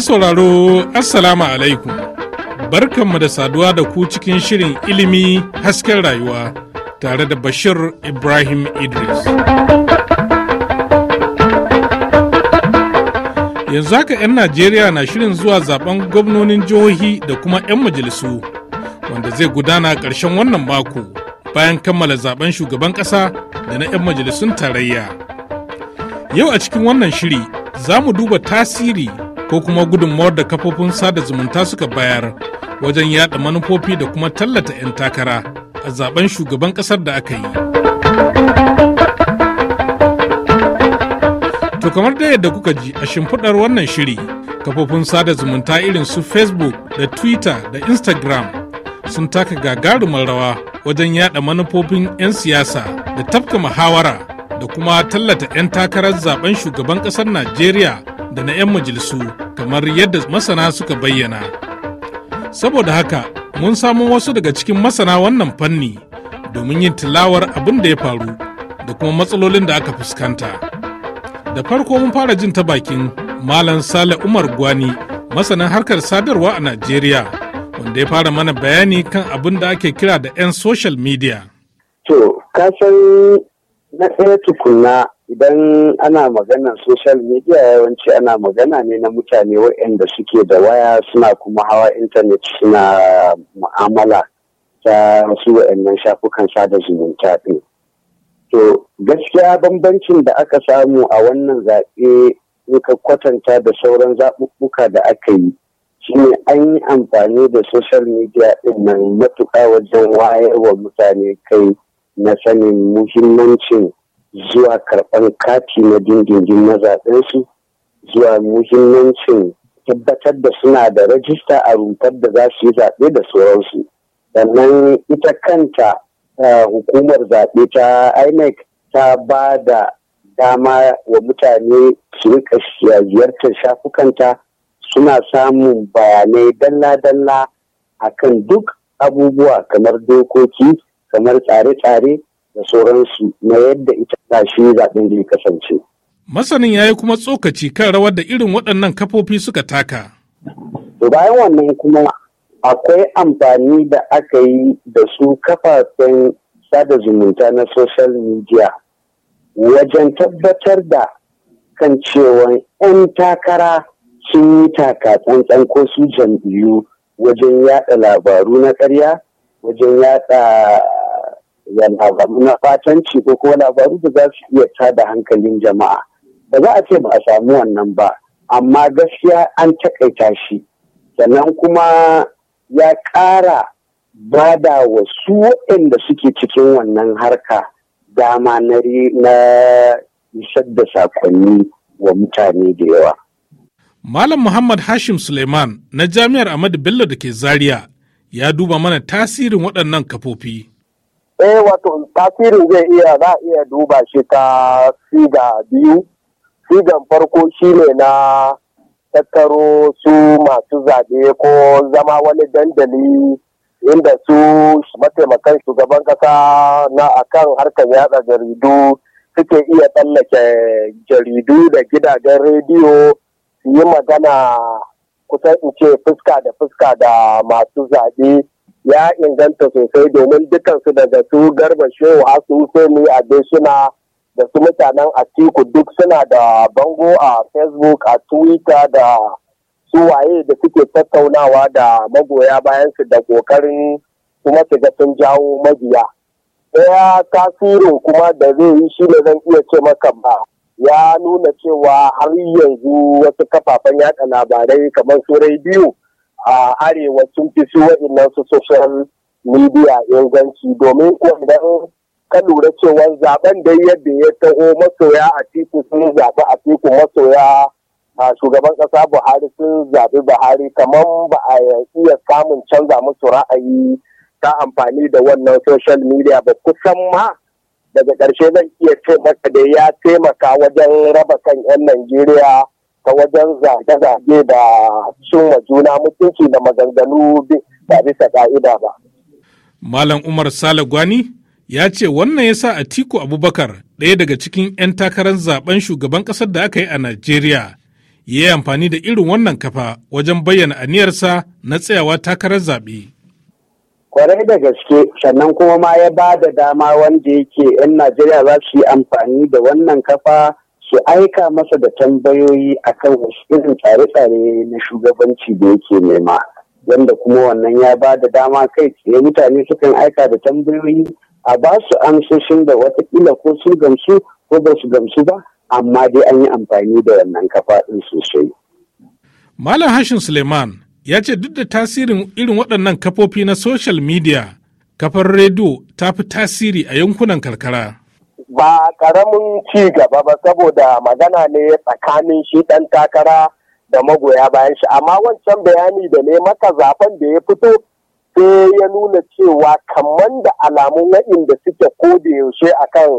sauraro assalamu alaikum barkanmu da saduwa da ku cikin shirin ilimi hasken rayuwa tare da bashir ibrahim idris yanzu haka 'yan najeriya na shirin zuwa zaben gwamnonin jihohi da kuma 'yan majalisu wanda zai gudana ƙarshen wannan mako bayan kammala zaben shugaban ƙasa da na 'yan majalisun tarayya. Yau a cikin wannan shiri za mu duba tasiri ko kuma gudunmawar da kafofin sada zumunta suka bayar wajen yada manufofi da kuma tallata 'yan takara a zaben shugaban kasar da aka yi. To kamar da yadda kuka ji a shimfiɗar wannan shiri, kafofin sada zumunta irin su Facebook da Twitter da Instagram sun taka gagarumar rawa wajen yada manufofin 'yan siyasa da tafka muhawara da kuma tallata 'yan takarar zaben shugaban kasar najeriya da na 'yan majalisu kamar yadda masana suka bayyana saboda haka mun samo wasu daga cikin masana wannan fanni domin yin tilawar abin da ya faru da kuma matsalolin da aka fuskanta da farko mun fara jin ta bakin malam sale umar gwani masanin harkar sadarwa a najeriya wanda ya fara mana bayani kan abin da ake kira da 'yan social media. To, kasan na ɗaya tukuna idan ana magana social media yawanci ana magana ne na mutane waɗanda suke da waya suna kuma hawa intanet suna mu'amala ta wasu waɗannan shafukan sada zumunta ɗin. To, gaskiya bambancin da aka samu a wannan zaɓe in ka kwatanta da sauran zaɓuɓɓuka da aka yi shine an yi amfani da social media din nan matuƙa wajen wayar wa mutane kai na sanin muhimmancin zuwa karɓar kati na dindindin na su, zuwa muhimmancin tabbatar da suna da rajista a rumfar da za su yi zaɓe da sauransu sannan ita kanta hukumar zaɓe ta inec ta ba da dama wa mutane su rika ziyartar shafukanta suna samun bayanai dalla-dalla a kan duk abubuwa kamar dokoki kamar tsare-tsare da sauransu na yadda ita shi zaɓen zai kasance. Masanin ya yi kuma tsokaci kan rawar da irin waɗannan kafofi suka taka. To bayan wannan kuma akwai amfani da aka yi da su kafafen sada zumunta na social media wajen tabbatar da kan cewa 'yan takara sun yi taka tsantsan ko su jam'iyyu wajen yada labaru na karya wajen yada labaru na fatanci ko kuma labaru da za su iya tada hankalin jama'a ba za a ce ba a samu wannan ba amma gaskiya an takaita shi sannan kuma ya ƙara bada wa su waɗanda suke cikin wannan harka dama na isar da sakonni wa mutane da yawa Malam Muhammad Hashim Suleiman na Jami'ar Ahmadu Bello da ke Zaria ya duba mana tasirin waɗannan kafofi. Eh wato tasirin zai iya za iya duba shi ta siga biyu. Sigan farko shi ne na tattaro su masu zaɓe ko zama wani dandali inda su mataimakan shugaban ƙasa na akan harkar yatsa jaridu suke iya tsallake jaridu da gidajen rediyo yi magana kusan in ce fuska da fuska da masu zaɓe ya inganta sosai domin dukansu daga su garba shehu asu usaini a suna da su mutanen atiku duk suna da bango a facebook a twitter da su waye da suke tattaunawa da magoya bayan su da kokarin kuma su ga sun jawo mabiya. Ɗaya tasirin kuma da zai yi shi ne zan iya ce maka ba ya nuna cewa har yanzu wasu kafafen yada labarai kamar su rediyo a arewa sun fi su waɗannan su social media inganci domin ko ka lura cewa zaben dai yadda ya taho masoya a titi sun zaɓi a titi masoya a shugaban ƙasa buhari sun zaɓi buhari kamar ba a iya samun canza musu ra'ayi ta amfani da wannan social media ba kusan ma daga ƙarshe zan iya ce maka da ya taimaka wajen raba kan 'yan Najeriya ta wajen zage-zage da wa juna mutunci da maganganu ba bisa ka'ida ba. Malam Umar Sale Gwani ya ce wannan ya sa Atiku Abubakar ɗaya daga cikin 'yan takarar zaben shugaban ƙasar da aka yi a Najeriya ya yi amfani da irin wannan kafa wajen bayyana aniyarsa na tsayawa takarar zaɓe. kwarai da gaske sannan kuma ma ya ba da dama wanda yake 'yan najeriya za su yi amfani da wannan kafa su aika masa da tambayoyi akan wasu irin tsare-tsare na shugabanci da yake nema wanda kuma wannan ya ba da dama kai tsaye mutane sukan aika da tambayoyi a ba su amsoshin da watakila ko su gamsu ko ba su gamsu ba amma dai an yi amfani da wannan kafa ɗin sosai. Malam Hashin Suleiman ya ce duk da tasirin irin waɗannan kafofi na social media kafar rediyo ta fi tasiri a yankunan karkara. Ba ƙaramin ci gaba ba saboda magana ne tsakanin shi ɗan takara da magoya bayan shi amma wancan bayani da ne maka zafin da ya fito sai ya nuna cewa kamar da alamun da suke koda a yaushe akan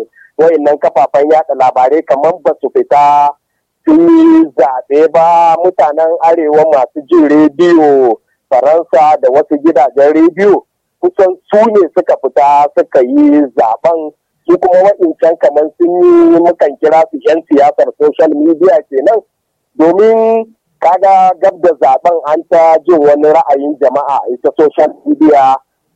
wayannan kafafen yada labarai kamar ba su fita sun yi zaɓe ba mutanen arewa masu jin rediyo faransa da wasu gidajen rediyo kusan su ne suka fita suka yi zaben su kuma wa'incan kamar sun yi mukan kira su 'yan siyasar social media kenan domin kaga gab da zaben an ta jin wani ra'ayin jama'a ita social media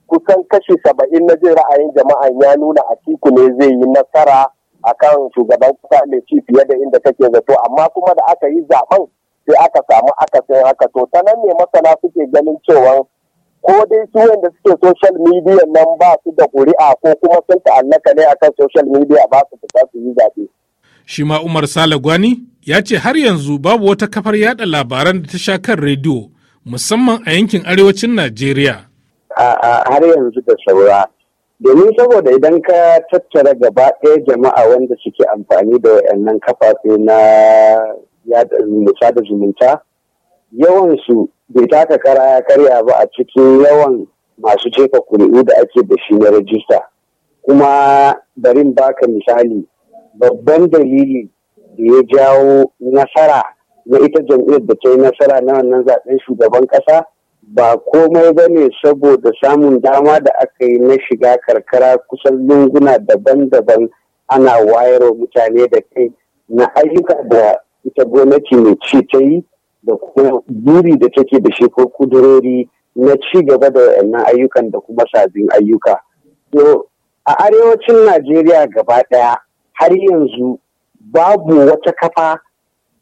kusan kashi saba'in na jin ra'ayin jama'a ya nuna a ne zai yi nasara akan shugaban kasa mai ci fiye da inda take zato amma kuma da aka yi zaben sai aka samu akasin haka to ta nan ne masana suke ganin cewa ko dai su wanda suke social media nan ba su da ƙuri'a ko kuma sun ta'allaka ne akan social media ba su fita su yi zaɓe. Shi ma Umar Sale Gwani ya ce har yanzu babu wata kafar yada labaran da ta sha kan rediyo musamman a yankin arewacin Najeriya. Har yanzu da saura domin saboda idan ka tattara gaba ɗaya jama'a wanda suke amfani da wayannan kafafe na yada da zumunta yawansu bai taka kara ya karya ba a cikin yawan masu jefa kuri'u da ake da shi na rajista kuma barin baka misali babban dalili da ya jawo nasara na ita jam'iyyar da ta yi nasara na wannan zaben shugaban ƙasa ba komai ba ne saboda samun dama da aka yi na shiga karkara kusan lunguna daban-daban ana wayarwa mutane da kai na ayyuka da ita gwamnati mai ci ta yi da kuma buri da take da shi ko kudurori na ci gaba da wayannan ayyukan da kuma sabbin ayyuka. To a arewacin Najeriya gaba ɗaya har yanzu babu wata kafa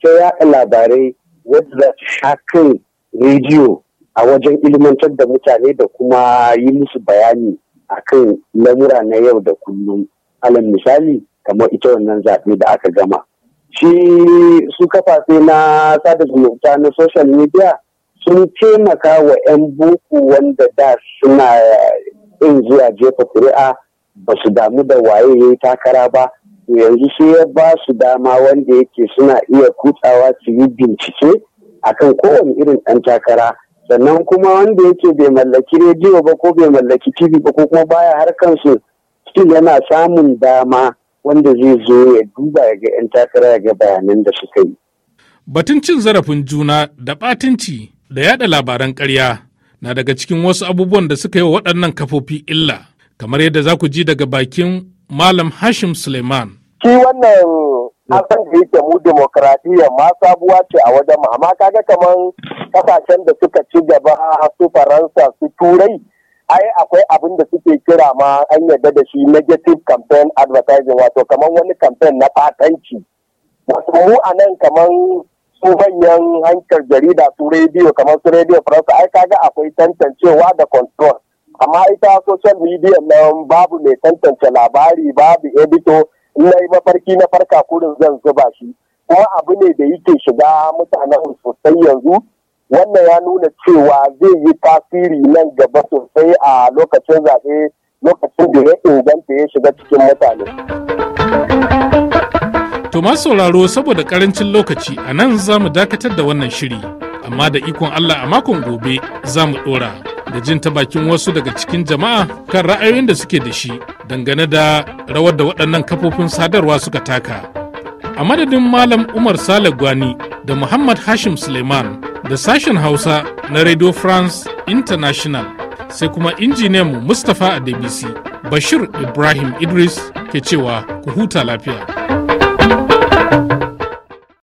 ta yaɗa labarai wadda za ta sha kan rediyo a wajen ilimantar da mutane da kuma yi musu bayani akan lamura na yau da kullum alal misali kamar ita wannan zaɓe da aka gama shi su kafafe na sada zumunta na social media sun taimaka wa 'yan boko wanda da suna yin zuwa jefa kuri'a ba su damu da waye ya yi takara ba yanzu sai ya ba su dama wanda yake suna iya kutsawa su yi bincike akan kowane irin ɗan takara sannan kuma wanda yake bai mallaki rediyo ba ko bai mallaki tv ba ko kuma baya har kansu still yana samun dama wanda zai zo ya duba ya ga 'yan takara ya ga bayanan da suka yi. Batun cin zarafin juna da ɓatanci da yada labaran karya na daga cikin wasu abubuwan da suka yi wa waɗannan kafofi illa kamar yadda za ku ji daga bakin Malam Hashim Suleiman. Shi wannan san da yake mu demokradiyya ma sabuwa ce a wajen mu amma kaga kaman kasashen da suka ci gaba su faransa su turai ai akwai abin da suke kira ma an yarda da shi negative campaign advertising wato kaman wani campaign na fatanci wasu mu a nan kaman su manyan hankar jarida su rediyo kaman su rediyo faransa ai kaga akwai tantancewa da control amma ita social media nan babu mai tantance labari babu edito na yi mafarki na farka kurin zan zuba shi kuma abu ne da yake shiga mutanen sosai yanzu wannan ya nuna cewa zai yi tasiri nan gaba sosai a lokacin zaɓe lokacin da ya inganta ya shiga cikin mutane. To masu sauraro saboda karancin lokaci a nan za mu dakatar da wannan shiri, amma da ikon Allah a makon gobe za mu ɗora. da jin ta bakin wasu daga cikin jama'a kan ra'ayoyin da suke da shi dangane da rawar da waɗannan kafofin sadarwa suka taka. A madadin Malam Umar Sale Gwani da Muhammad Hashim Suleiman da sashen Hausa na Radio France International sai kuma injiniyanmu Mustapha Adebisi Bashir Ibrahim Idris ke cewa ku huta lafiya.